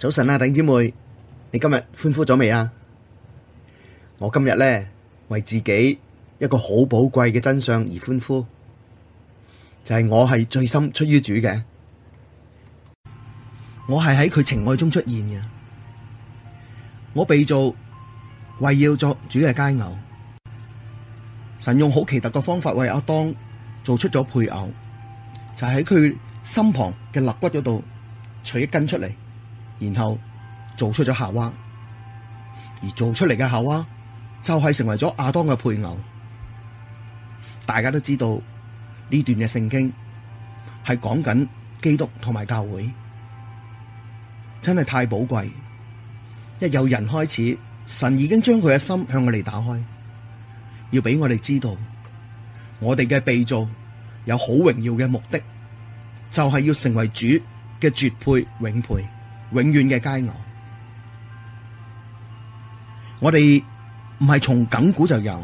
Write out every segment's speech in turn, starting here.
早晨啦，弟姐妹，你今日歡呼咗未啊？我今日咧為自己一個好寶貴嘅真相而歡呼，就係我係最深出於主嘅，我係喺佢情愛中出現嘅，我被做為要作主嘅佳偶，神用好奇特嘅方法為阿當做出咗配偶，就喺佢身旁嘅肋骨嗰度取一根出嚟。然後做出咗夏娃，而做出嚟嘅夏娃就係成為咗亞當嘅配偶。大家都知道呢段嘅聖經係講緊基督同埋教會，真係太寶貴。一有人開始，神已經將佢嘅心向我哋打開，要俾我哋知道，我哋嘅被造有好榮耀嘅目的，就係要成為主嘅絕配永配。永遠嘅佳偶，我哋唔係從亙古就有，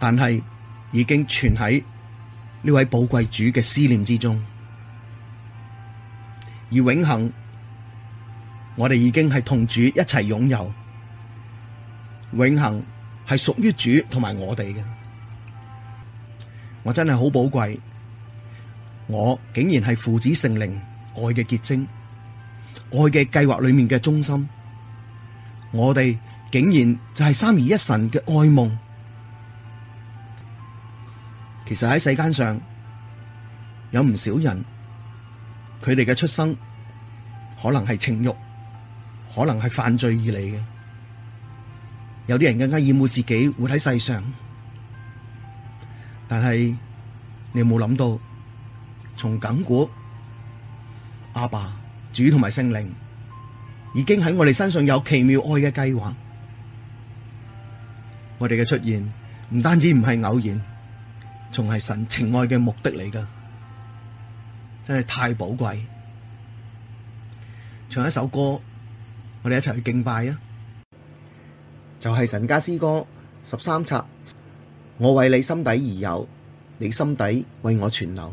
但係已經存喺呢位寶貴主嘅思念之中，而永恒，我哋已經係同主一齊擁有，永恒係屬於主同埋我哋嘅。我真係好寶貴，我竟然係父子聖靈愛嘅結晶。愛嘅計劃裏面嘅中心，我哋竟然就係三而一神嘅愛夢。其實喺世間上有唔少人，佢哋嘅出生可能係情欲，可能係犯罪而嚟嘅。有啲人更加厭惡自己活喺世上，但係你有冇諗到，從亙古阿爸主同埋聖靈已經喺我哋身上有奇妙愛嘅計劃，我哋嘅出現唔單止唔係偶然，仲係神情愛嘅目的嚟噶，真係太寶貴。唱一首歌，我哋一齊去敬拜啊！就係神家詩歌十三冊，我為祢心底而有，祢心底為我存留。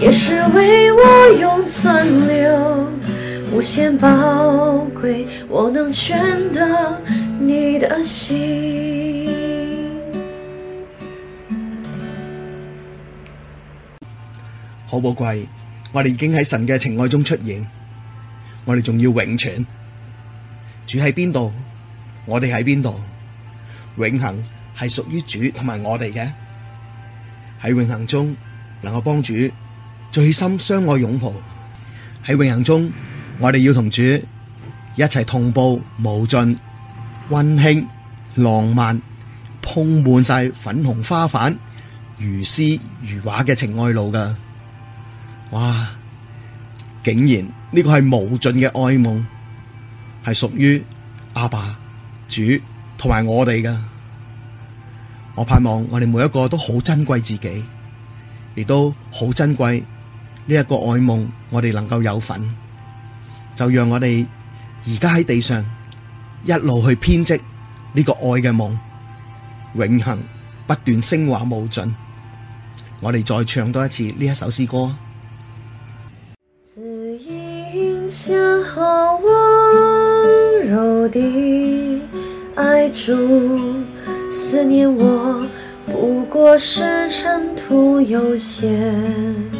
也是為我永存留，無限寶貴，我能全得你的心。好寶貴，我哋已經喺神嘅情愛中出現。我哋仲要永存。主喺邊度？我哋喺邊度？永恆係屬於主同埋我哋嘅。喺永恆中，能夠幫主最深相愛擁抱，喺永恒中，我哋要同主一齊同步，無盡溫馨浪漫，鋪滿晒粉紅花瓣，如詩如畫嘅情愛路噶。哇！竟然呢個係無盡嘅愛夢，係屬於阿爸、主同埋我哋噶。我盼望我哋每一個都好珍貴自己，亦都好珍貴。呢、這、一個愛夢，我哋能夠有份，就讓我哋而家喺地上一路去編織呢個愛嘅夢，永行不斷升華無盡。我哋再唱多一次呢一首詩歌。字音像和溫柔地愛住思念我不過是塵土有限。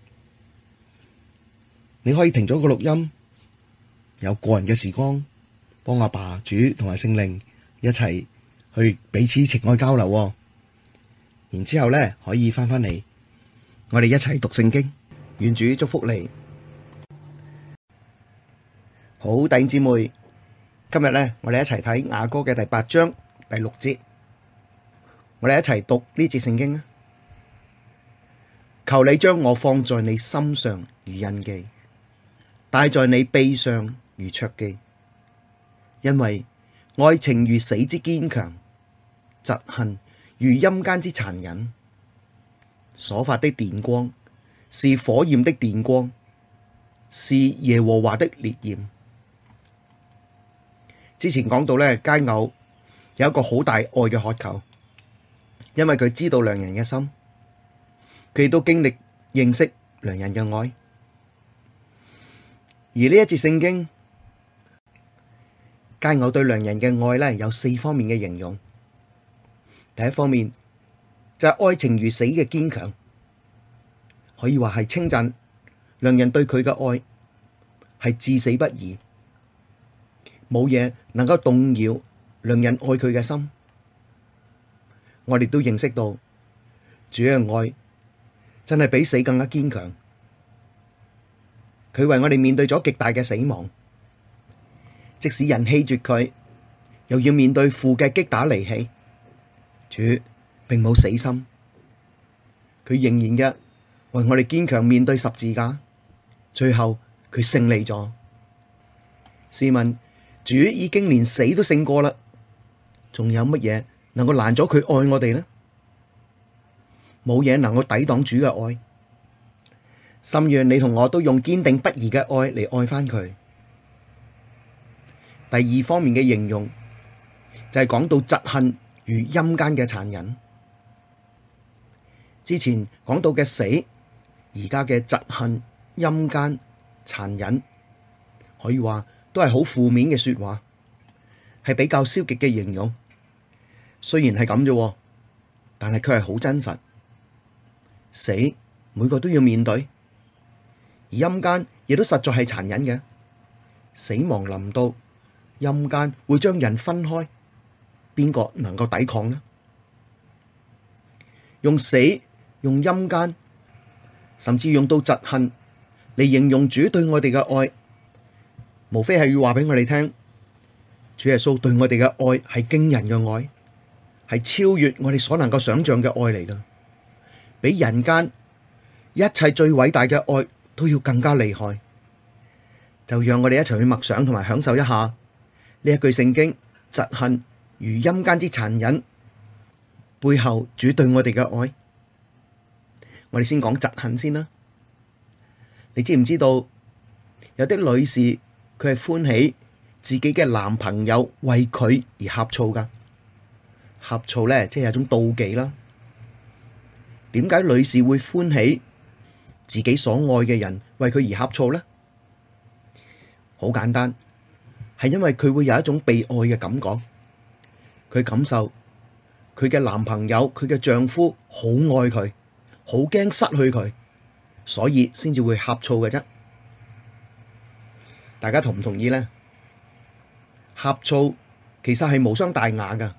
你可以停咗個錄音，有個人嘅時光幫阿爸主同埋聖靈一齊去彼此情愛交流，然之後咧可以翻返嚟，我哋一齊讀聖經，願主祝福你。好，弟兄姊妹，今日咧我哋一齊睇雅歌嘅第八章第六節，我哋一齊讀呢節聖經啊！求你將我放在你心上如印記。帶在你臂上如戳記，因為愛情如死之堅強，嫉恨如陰間之殘忍。所發的電光是火焰的電光，是耶和華的烈焰。之前講到呢，佳偶有一個好大愛嘅渴求，因為佢知道良人嘅心，佢都經歷認識良人嘅愛。而呢一節聖經，佳偶對良人嘅愛呢，有四方面嘅形容。第一方面就係、是，愛情如死嘅堅強，可以話係稱讚良人對佢嘅愛係至死不移，冇嘢能夠動搖良人愛佢嘅心。我哋都認識到主嘅愛真係比死更加堅強。佢為我哋面對咗極大嘅死亡，即使人棄絕佢，又要面對父嘅擊打離棄，主並冇死心，佢仍然嘅為我哋堅強面對十字架，最後佢勝利咗。試問主已經連死都勝過啦，仲有乜嘢能夠攔阻佢愛我哋呢？冇嘢能夠抵擋主嘅愛。甚讓你同我都用堅定不移嘅愛嚟愛返佢。第二方面嘅形容就係講到嫉恨與陰間嘅殘忍。之前講到嘅死，而家嘅嫉恨、陰間、殘忍，可以話都係好負面嘅說話，係比較消極嘅形容。雖然係咁啫，但係佢係好真實。死每個都要面對。而陰間亦都實在係殘忍嘅，死亡臨到，陰間會將人分開，邊個能夠抵抗呢？用死、用陰間，甚至用到嫉恨嚟形容主對我哋嘅愛，無非係要話俾我哋聽，主耶穌對我哋嘅愛係驚人嘅愛，係超越我哋所能夠想象嘅愛嚟啦，比人間一切最偉大嘅愛，都要更加厲害，就讓我哋一齊去默想同埋享受一下呢一句聖經：嫉恨如陰間之殘忍，背後主對我哋嘅愛。我哋先講嫉恨先啦。你知唔知道有啲女士佢係歡喜自己嘅男朋友為佢而呷醋㗎？呷醋咧，即係有種妒忌啦。點解女士會歡喜？自己所愛嘅人為佢而呷醋呢，好簡單，係因為佢會有一種被愛嘅感覺，佢感受佢嘅男朋友、佢嘅丈夫好愛佢，好驚失去佢，所以先至會呷醋嘅啫。大家同唔同意呢？呷醋其實係無傷大雅㗎，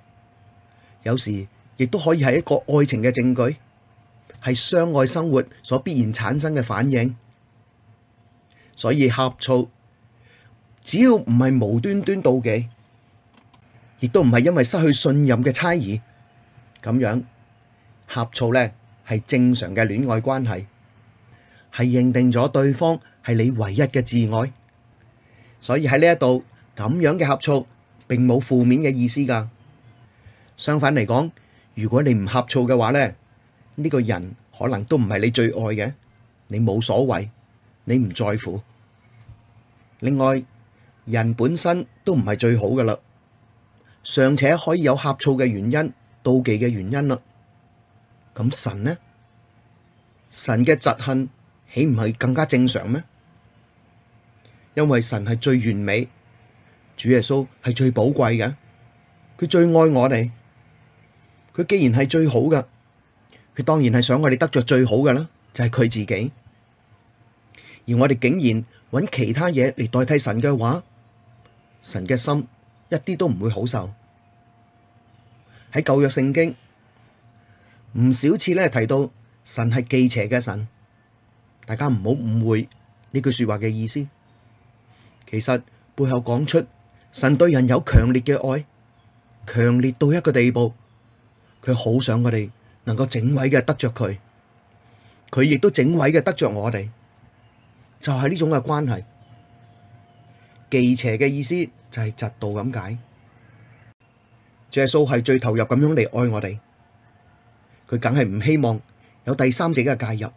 有時亦都可以係一個愛情嘅證據。係相愛生活所必然產生嘅反應，所以呷醋只要唔係無端端妒忌，亦都唔係因為失去信任嘅猜疑，咁樣呷醋呢係正常嘅戀愛關係，係認定咗對方係你唯一嘅摯愛，所以喺呢一度咁樣嘅呷醋並冇負面嘅意思噶，相反嚟講，如果你唔呷醋嘅話呢。呢個人可能都唔係你最愛嘅，你冇所謂，你唔在乎。另外，人本身都唔係最好噶啦，尚且可以有呷醋嘅原因、妒忌嘅原因啦。咁神呢？神嘅嫉恨豈唔係更加正常咩？因為神係最完美，主耶穌係最寶貴嘅，佢最愛我哋，佢既然係最好噶。佢當然係想我哋得着最好嘅啦，就係佢自己。而我哋竟然揾其他嘢嚟代替神嘅話，神嘅心一啲都唔會好受。喺舊約聖經唔少次咧提到神係忌邪嘅神，大家唔好誤會呢句說話嘅意思。其實背後講出神對人有強烈嘅愛，強烈到一個地步，佢好想我哋。能夠整位嘅得着佢，佢亦都整位嘅得着我哋，就係呢種嘅關係。忌邪嘅意思就係窒到咁解，耶穌係最投入咁樣嚟愛我哋，佢梗係唔希望有第三者嘅介入，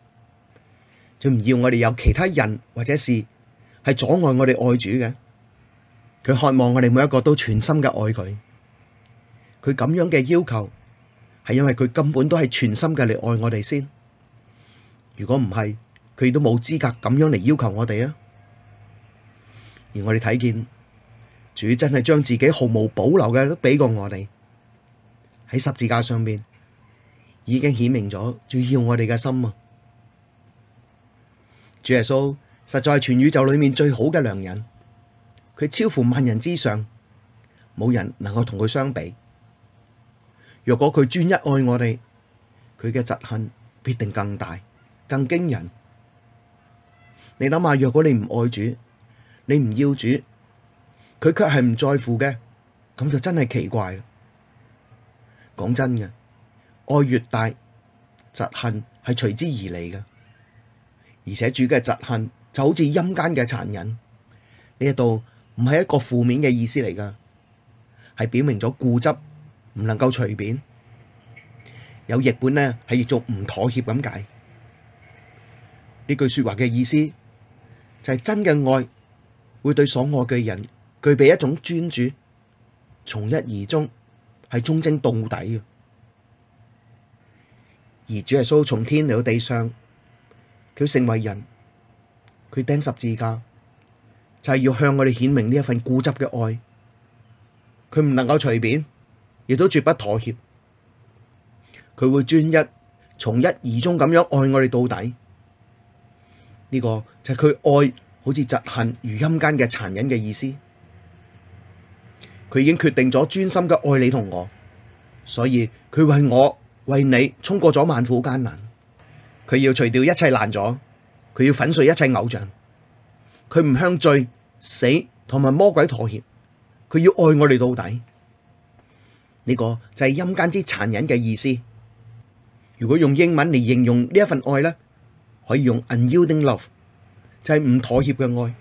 佢唔要我哋有其他人或者事係阻礙我哋愛主嘅，佢渴望我哋每一個都全心嘅愛佢，佢咁樣嘅要求係因為佢根本都係全心嘅嚟愛我哋先，如果唔係，佢都冇資格咁樣嚟要求我哋啊！而我哋睇見主真係將自己毫無保留嘅都俾過我哋，喺十字架上面已經顯明咗主要我哋嘅心啊！主耶穌實在係全宇宙裏面最好嘅良人，佢超乎萬人之上，冇人能夠同佢相比。若果佢專一愛我哋，佢嘅嫉恨必定更大、更驚人。你諗下，若果你唔愛主，你唔要主，佢卻係唔在乎嘅，咁就真係奇怪啦。講真嘅，愛越大，嫉恨係隨之而嚟㗎。而且主嘅嫉恨就好似陰間嘅殘忍，呢一度唔係一個負面嘅意思嚟㗎，係表明咗固執。唔能夠隨便，有譯本呢係要做唔妥協咁解。呢句說話嘅意思就係真嘅愛會對所愛嘅人具備一種專注，從一而終，係忠貞到底嘅。而主耶穌從天嚟到地上，佢成為人，佢釘十字架，就係要向我哋顯明呢一份固執嘅愛，佢唔能夠隨便，亦都絕不妥協，佢會專一，從一而終咁樣愛我哋到底。呢、這個就係佢愛，好似嫉恨如陰間嘅殘忍嘅意思。佢已經決定咗專心嘅愛你同我，所以佢為我為你衝過咗萬苦艱難。佢要除掉一切爛咗，佢要粉碎一切偶像。佢唔向罪死同埋魔鬼妥協，佢要愛我哋到底。呢、個就係陰間之殘忍嘅意思。如果用英文嚟形容呢一份愛咧，可以用 unyielding love，就係唔妥協嘅愛。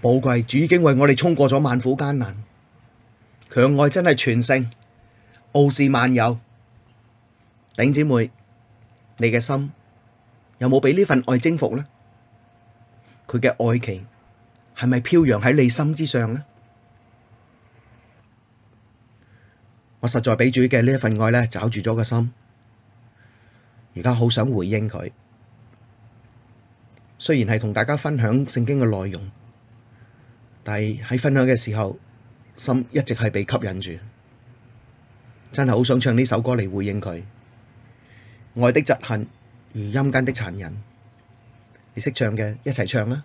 寶貴主已經為我哋衝過咗萬苦艱難，強愛真係全勝，傲視萬有。頂姐妹，你嘅心有冇俾呢份愛征服咧？佢嘅愛情係咪飄揚喺你心之上咧？我實在俾主嘅呢一份愛呢，抓住咗個心。而家好想回應佢。雖然係同大家分享聖經嘅內容，但係喺分享嘅時候，心一直係被吸引住。真係好想唱呢首歌嚟回應佢。愛的嫉恨如陰間的殘忍，你識唱嘅一齊唱啦。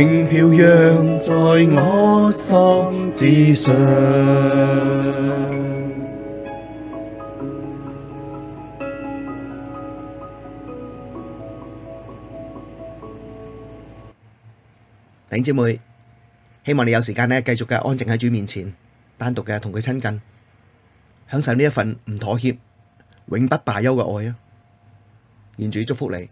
永飄揚在我心之上。弟兄姊妹，希望你有時間呢，繼續嘅安靜喺主面前，單獨嘅同佢親近，享受呢一份唔妥協、永不罷休嘅愛啊！願主祝福你。